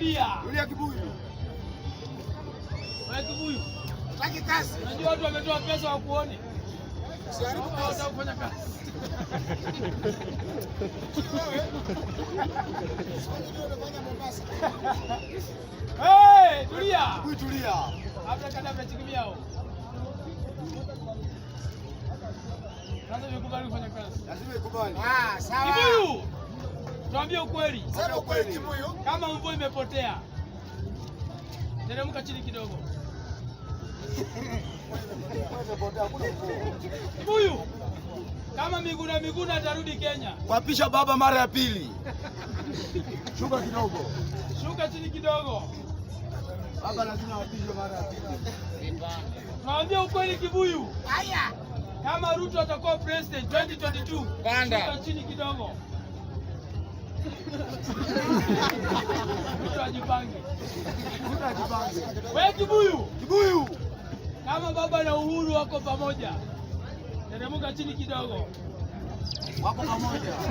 Tulia. Tulia kibuyu. Wewe kibuyu. Hataki kazi. Unajua watu wametoa pesa wa kuone. Usiharibu kazi. Unafanya kazi. Hey, tulia. Kibuyu tulia. Hapa kada mnachikimia hao. Lazima ikubali kufanya kazi. Lazima ikubali. Ah, sawa. Kibuyu. Tuambie ukweli. Sema ukweli Kibuyu. Kama mvua imepotea. Teremka chini kidogo. Kibuyu. Kama Miguna Miguna atarudi Kenya. Kuapisha baba mara ya pili. Shuka kidogo. Shuka chini kidogo. Baba lazima apige mara ya pili. Tuambie ukweli Kibuyu. Haya. Kama Ruto atakuwa president 2022. Panda. Shuka chini kidogo. We kibuyu, kibuyu, kama baba na Uhuru wako pamoja, teremuka chini kidogo, wako pamoja.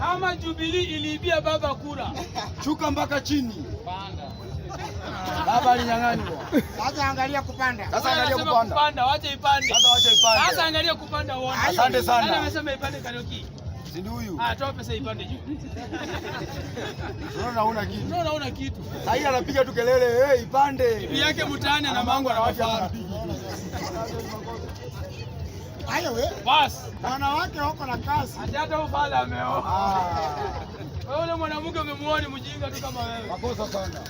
Kama Jubilee iliibia baba kura, shuka mpaka chini. Panda. Baba alinyang'anywa. Sasa angalia kupanda. Sasa angalia kupanda. Kupanda, wacha ipande. Sasa wacha ipande. Sasa angalia kupanda uone. Asante sana. Amesema ipande Kariuki. Sindi huyu. Ah, toa pesa ipande juu. Unaona una kitu. Unaona una kitu. Sasa anapiga tu kelele, eh, hey, ipande. Bibi yake mtaani na mango na watu Haya wewe. Bas. Wanawake wako na kasi. Hata ufala ameoa. Ah. Wewe yule mwanamke umemuona mjinga tu kama wewe. Makosa sana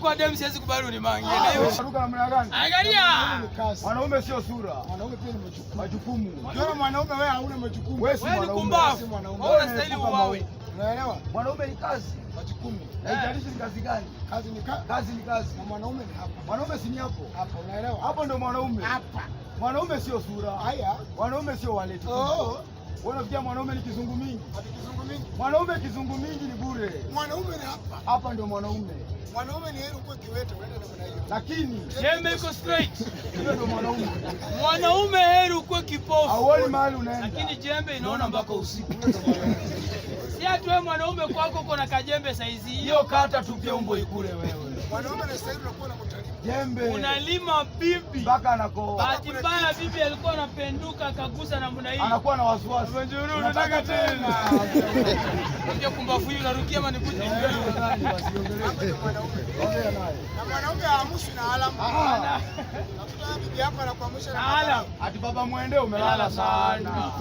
kwa demu siwezi kubali ah, gani? Angalia. Wanaume sio sura. Wanaume pia ni majukumu. Ukiona mwanaume wewe hauna majukumu. Wewe si mwanaume. Wewe unastahili uawe. Unaelewa? Mwanaume ni kazi, majukumu. Na haijalishi ni kazi gani? Kazi ni kazi ni kazi. Na mwanaume ni hapa. Mwanaume si ni hapo. Hapa, unaelewa? Hapo ndio mwanaume. Hapa. Mwanaume sio sura. Haya. Mwanaume sio wale tu. Oh. Unafikia mwanaume ni kizungu mingi. kizungu mingi. Mwanaume kizungu mingi ni bure. Mwanaume ni hapa. Hapa ndio mwanaume. Mwanaume ni heri kiwete uende namna hiyo. Lakini jembe iko straight. Hiyo ndio mwanaume. Mwanaume heri ukuwe kipofu. Hauoni mahali unaenda. Lakini jembe inaona mpaka usiku. Si ati wewe mwanaume kwako uko na kajembe saizi hiyo kata tupie umbo ikule wewe. Mwanaume na saizi unakuwa na Jembe. Unalima bibi. Mpaka anako. Bahati mbaya bibi alikuwa anapenduka akagusa namna hii. Anakuwa na wasiwasi. mwenjuru, unataka tena. Unajua hiyo unarukia manikuje mwanaume aamshwi na alamu. bibi yako anakuamsha na alamu. Ati baba mwende umelala sana.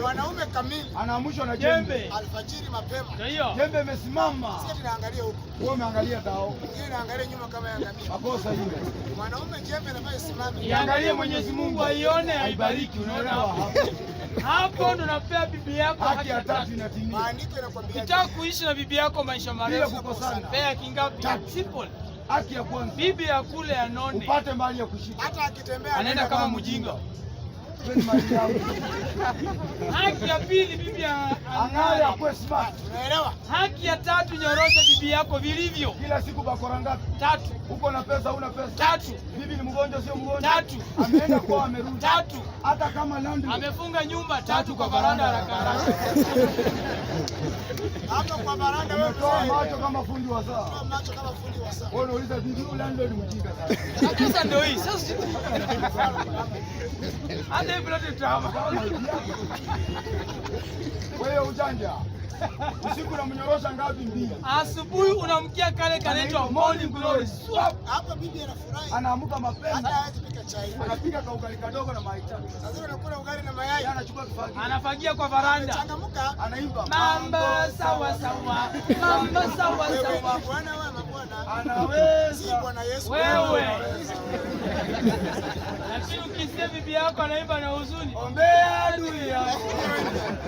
Mwanaume kamili anaamshwa na jembe. Alfajiri mapema. Ndio. Jembe imesimama. Sisi tunaangalia huko. Wewe umeangalia dao. Yeye anaangalia nyuma kama yanga Makosa yule. Mwanaume jembe anafaa isimame. Iangalie Mwenyezi Mungu aione aibariki unaona hapo. hapo ndo napea bibi yako haki ya tatu inatimia. Maandiko yanakuambia ukitaka kuishi na bibi yako maisha marefu pea kingapi? Simple. Haki ya kwanza, bibi ya kule anone upate mali ya kushika, hata akitembea anaenda kama mjinga. Haki ya pili, bibi ya ang'are akuwe smart. Unaelewa? Haki ya tatu, nyorosha bibi yako vilivyo kila siku. Bakora ngapi? Tatu. Uko na pesa, una pesa? Tatu. Bibi ni mgonjwa, sio mgonjwa? Tatu. Ameenda kwa amerudi? Tatu. Hata kama landi amefunga nyumba? Tatu. Kwa baranda la haraka hapo kwa baranda, wewe macho kama fundi wa saa, macho kama fundi wa saa. Wewe unauliza bibi, yule landlord mjinga sana. Sasa ndio hii sasa, hata hivi ndio drama. Wewe ujanja usiku unamnyorosha ngapi? Mbili. Asubuhi unamkia kale kanaitwa morning glory. Hapa bibi anafurahi, Anaamka mapema, hata hawezi pika chai, anapika kwa ugali kadogo na mayai. Sasa anakula ugali na mayai, anachukua kifagio. anafagia kwa varanda, anachangamuka, anaimba mamba sawa sawa, mamba sawa sawa, bwana wa mabwana, anaweza Si bwana Yesu wewe. Lakini ukisikia bibi yako anaimba na huzuni, ombea adui yako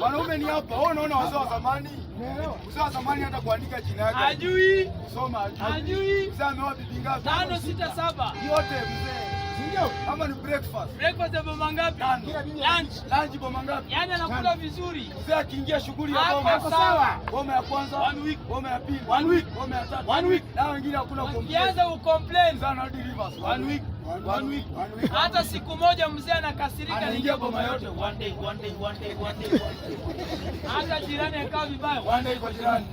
Wanaume ni hapa. Wewe unaona wazee wa zamani? Wazee wa zamani hata kuandika jina yake. Hajui. Soma hajui. Mzee ameoa bibi ngapi? 5 6 7. Yote mzee ama ni breakfast? Breakfast ya bomba ngapi? Lunch. Lunch bomba ngapi? Yaani anakula vizuri. Mzee akiingia shughuli ya bomba sawa. Bomba ya kwanza, one week, bomba ya pili, one week, bomba ya tatu, one week. Na wengine hakuna complain. Ukianza ucomplain. Sana delivers. One week. Hata siku moja mzee anakasirika, anaingia boma yote one day, one day, one day, one day. Hata jirani akawa vibaya, one day kwa jirani.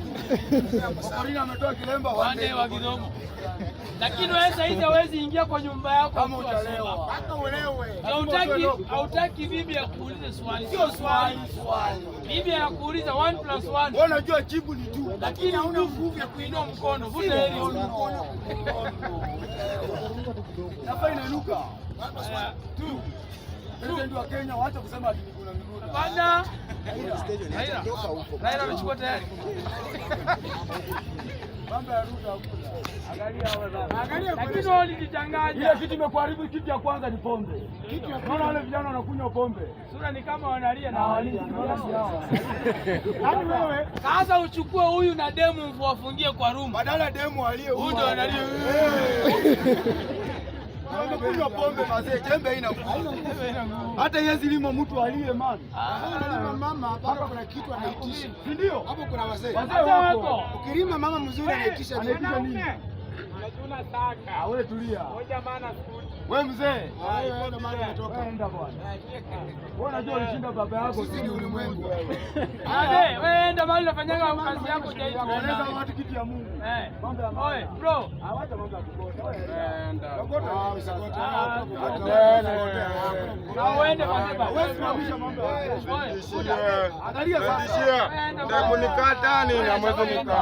Sabrina ametoa kilemba, one day wa kidomo. Lakini wewe sasa hizi hawezi ingia kwa nyumba yako kama utalewa. Hata ulewe. Hautaki hautaki bibi akuulize swali. Sio swali, swali. Bibi anakuuliza 1 plus 1. Wewe unajua jibu ni 2. Lakini huna nguvu ya kuinua mkono. Vuta hili mkono ambayo inainuka Kenya, kusema ati Hapana, Raila amechukua tayari Ile kitu imekuharibu. Kitu ya kwanza ni pombe. Naona wale vijana wanakunywa pombe, sura ni kama wanalia na yaani wewe sasa uchukue huyu na demu wafungie kwa rumu, badala demu alie huyu analia Unakunywa pombe mazee, jembe haina nguvu. Hata yezi zilimo mtu aliye mama. Ah. Analima mama hapa kuna kitu anaitisha. Ndio. Hapo kuna wazee. Wazee wako. Ukilima mama mzuri anaitisha nini? Hakuna saka. Ah, wewe tulia. Ngoja maana sikuti. Wewe mzee. Ah, ah, wewe maana umetoka. Enda bwana. Ah, wewe unajua ulishinda baba yako sisi ulimwengu wewe. wewe enda mahali unafanyaga kazi yako je hiyo. watu kitu ya Mungu. Eh. Mambo ya Oe, bro. Hawaja mambo ya kugote. Enda. Eh, kugote. Ah, usigote. Na eh, eh, uende kwa sababu. Wewe simamisha mambo ya. Angalia sasa. Ndio kunikata nini na mwezi